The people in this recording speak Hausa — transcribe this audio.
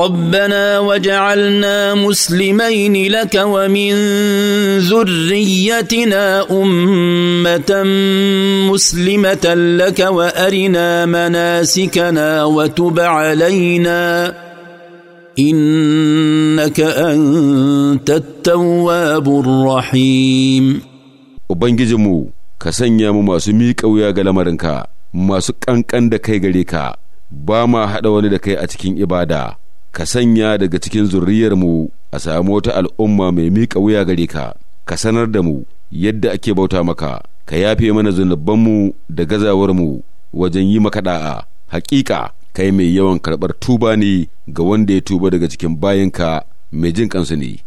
ربنا وجعلنا مسلمين لك ومن ذريتنا امه مسلمه لك وارنا مناسكنا وتب علينا انك انت التواب الرحيم ubangijinmu ka sanya mu masu miƙa wuya ga lamarinka masu ƙanƙan da kai gare ka ba ma haɗa wani da kai a cikin ibada ka sanya daga cikin zurriyarmu a samu wata al'umma mai miƙa wuya gare ka ka sanar da mu yadda ake bauta maka ka yafe mana zunubanmu da gazawarmu wajen yi maka da'a hakika kai mai yawan karɓar tuba ne ga wanda ya tuba daga cikin bayanka mai jin kansu ne